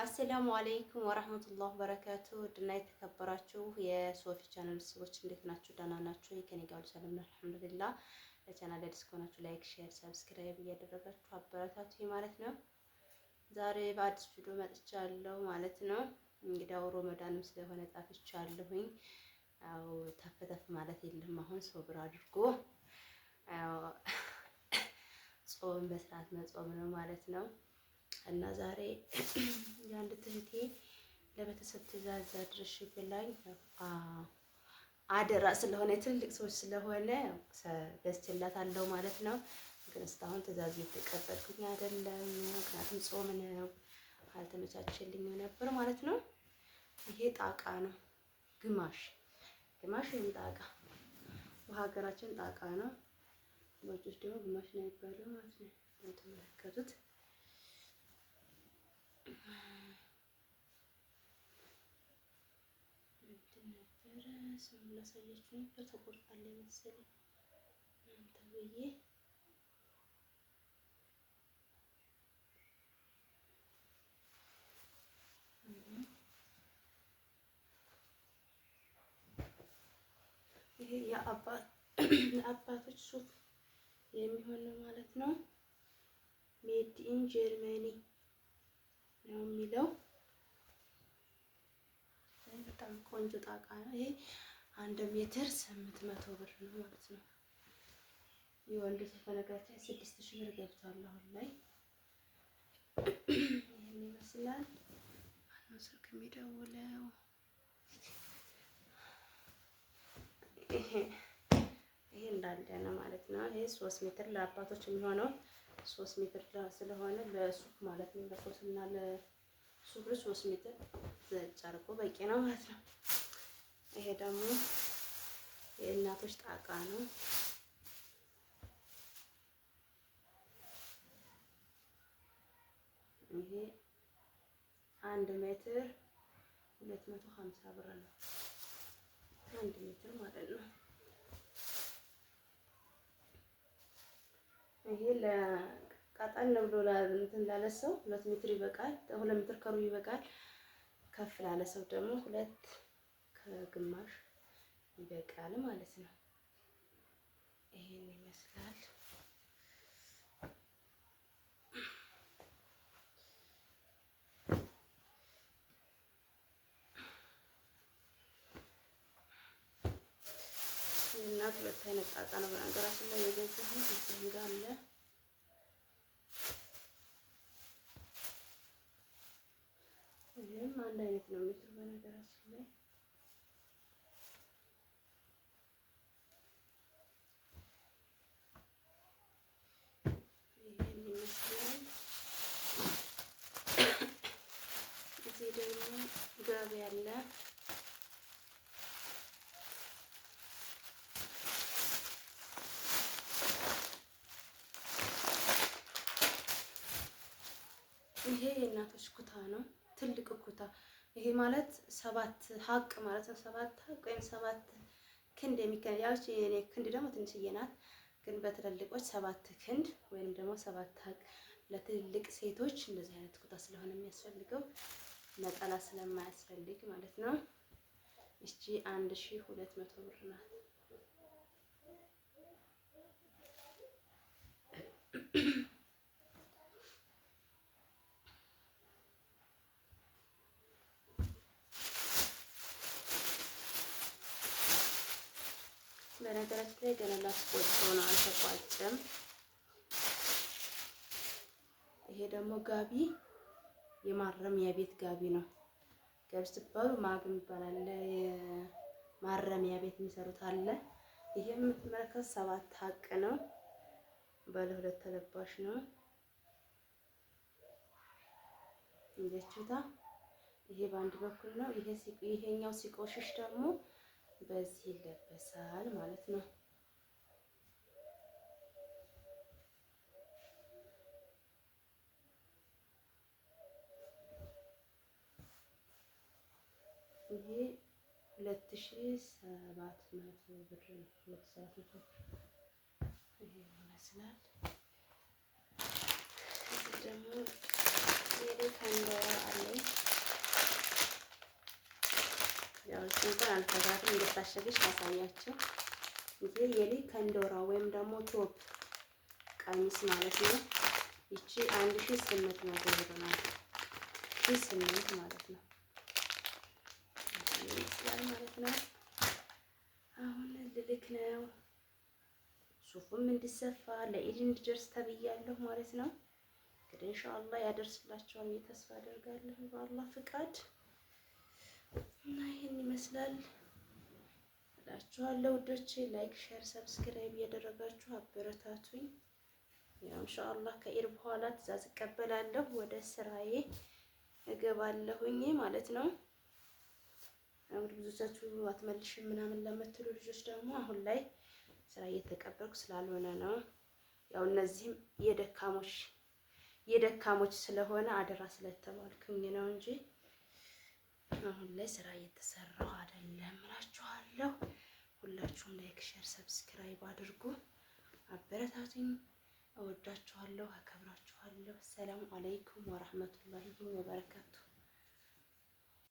አሰላሙ አለይኩም ወራህመቱላህ በረካቱ ድና የተከበራችሁ የሶፊ ቻናል ሰዎች እንዴት ናችሁ? ደህና ናችሁ? ከኔ ጋር ሁሉ ሰላም ነው አልሐምዱሊላህ። ለቻናል አዲስ ከሆናችሁ ላይክ፣ ሼር፣ ሰብስክራይብ እያደረጋችሁ አበረታቱ ማለት ነው። ዛሬ በአዲስ ቪዲዮ መጥቻለሁ ማለት ነው። እንግዲያው ሮመዳንም ስለሆነ ጣፍቻለሁኝ። አዎ ተፍ ተፍ ማለት የለም አሁን ሶብር አድርጎ ጾም በስርዓት መጾም ነው ማለት ነው። እና ዛሬ የአንድ ትህቴ ለቤተሰብ ትእዛዝ አድርሽ ብላኝ አደራ ስለሆነ ትልቅ ሰዎች ስለሆነ አለው ማለት ነው። ግን እስካሁን ትእዛዝ እየተቀበልኩኝ አይደለም፣ ምክንያቱም ጾም ነው አልተመቻቸልኝም ነበር ማለት ነው። ይሄ ጣቃ ነው፣ ግማሽ ግማሽ ወይም ጣቃ በሀገራችን ጣቃ ነው። ወጭስ ደግሞ ግማሽ ነው ይባላል ማለት ነው። ተመለከቱት። ሰው ላሳያችሁ ነበር። ተቆርጣለ መሰለኝ ብዬ ይሄ የአባቶች ሱፍ የሚሆን ማለት ነው። ሜድ ኢን ጀርመኒ ነው የሚለው በጣም ቆንጆ ጣቃ ነው። ይሄ አንድ ሜትር ስምንት መቶ ብር ነው ማለት ነው። የወንዶች በነገራችን ስድስት ሺህ ብር ገብቷል አሁን ላይ። ይህን ይመስላል። ማነው ስልክ የሚደውለው? ይሄ እንዳለ ነው ማለት ነው። ይሄ ሶስት ሜትር ለአባቶች የሚሆነው ሶስት ሜትር ስለሆነ ለሱፍ ማለት ነው ለኮትና ለ እሱ ብር ሶስት ሜትር ዘጭ አድርጎ በቂ ነው ማለት ነው። ይሄ ደግሞ የእናቶች ጣቃ ነው። ይሄ አንድ ሜትር ሁለት መቶ ሀምሳ ብር ነው። አንድ ሜትር ማለት ነው። ይሄ ቀጠን ብሎ እንትን ላለ ሰው ሁለት ሜትር ይበቃል። ሁለት ሜትር ከሩብ ይበቃል። ከፍ ላለ ሰው ደግሞ ሁለት ከግማሽ ይበቃል ማለት ነው። ይሄን ይመስላል። እና ሁለት አይነት ጣጣ ነው በነገራችን ላይ የገዛሁት እዚህ ጋር አለ ሁሉም አንድ አይነት ነው የሚሰሩ በነገራችን ላይ ጋቢ ያለ ይሄ የእናቶች ኩታ ነው። ትልቅ እኩታ ይሄ ማለት ሰባት ሀቅ ማለት ነው። ሰባት ሀቅ ወይም ሰባት ክንድ የሚከን ያው የኔ ክንድ ደግሞ ትንሽዬ ናት፣ ግን በትልልቆች ሰባት ክንድ ወይም ደግሞ ሰባት ሀቅ ለትልልቅ ሴቶች እንደዚህ አይነት ኩታ ስለሆነ የሚያስፈልገው ነጠላ ስለማያስፈልግ ማለት ነው። እቺ አንድ ሺህ ሁለት መቶ ብር ናት። በነገራችን ላይ ገና ላስቆጨው ነው፣ አልተቋጨም። ይሄ ደግሞ ጋቢ የማረሚያ ቤት ጋቢ ነው። ጋቢ ስትባሉ ማግም ይባላል። ማረሚያ ቤት የሚሰሩት አለ። ይሄ የምትመለከት ሰባት ሀቅ ነው። ባለ ሁለት ተለባሽ ነው። እንዴት ይሄ በአንድ በኩል ነው። ይሄ ይሄኛው ሲቆሽሽ ደግሞ በዚህ ይለበሳል ማለት ነው። ይሄ ሁለት ሺ ሰባት መቶ ብር ነው። ሁለት ሰዓት መቶ ይሄ ይመስላል ደግሞ ሌሌ ከንዳ ዶሮዎች እንኳን አልፈጋትም። እንደታሸገች ታሳያችሁ ይሄ ከንዶራ ወይም ደግሞ ቶፕ ቀሚስ ማለት ነው። ይቺ አንድ ስምንት መቶ ብር ናት። ስምንት ማለት ነው ማለት ነው። አሁን ልልክ ነው ሱፉም እንዲሰፋ ለኢድ እንዲደርስ ተብያለሁ ማለት ነው። እንግዲህ ኢንሻአላህ ተስፋ አደርጋለሁ በአላህ ፍቃድ። እና ይህን ይመስላል እላችኋለሁ ውዶቼ። ላይክ፣ ሼር፣ ሰብስክራይብ እያደረጋችሁ አበረታቱኝ። ያው ኢንሻአላህ ከኢድ በኋላ ትእዛዝ እቀበላለሁ ወደ ስራዬ እገባለሁኝ ማለት ነው። እንግዲህ ብዙዎቻችሁ አትመልሽም ምናምን ለምትሉ ልጆች ደግሞ አሁን ላይ ስራ እየተቀበልኩ ስላልሆነ ነው። ያው እነዚህም የደካሞች የደካሞች ስለሆነ አደራ ስለተባልኩኝ ነው እንጂ አሁን ላይ ስራ እየተሰራው አይደለም እላችኋለሁ። ሁላችሁም ላይክ፣ ሼር፣ ሰብስክራይብ አድርጉ። አበረታቱኝ። እወዳችኋለሁ፣ አከብራችኋለሁ። ሰላም አለይኩም ወራህመቱላሂ ወበረካቱ።